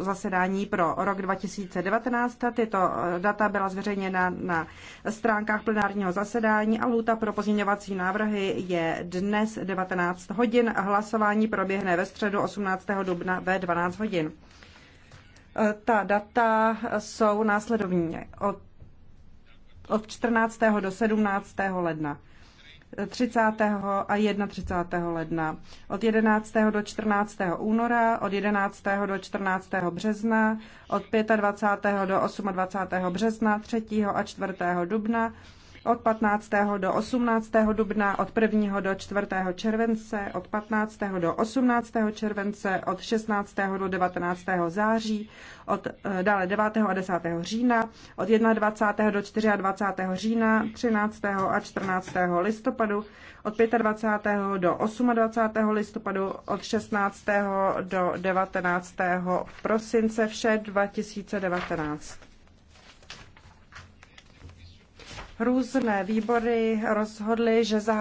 zasedání pro rok 2019. Tyto eh, data byla zveřejněna na stránkách plenárního zasedání a lhůta pro pozměňovací návrhy je dnes 19 hodin. Hlasování proběhne ve středu 18. dubna ve 12 hodin. Eh, ta data jsou následovní od, od 14. do 17. ledna. 30. a 31. ledna, od 11. do 14. února, od 11. do 14. března, od 25. do 28. března, 3. a 4. dubna, od 15. do 18. dubna, od 1. do 4. července, od 15. do 18. července, od 16. do 19. září, od eh, dále 9. a 10. října, od 21. do 24. října, 13. a 14. listopadu, od 25. do 28. listopadu, od 16. do 19. prosince, vše 2019. Různé výbory rozhodly, že zahájí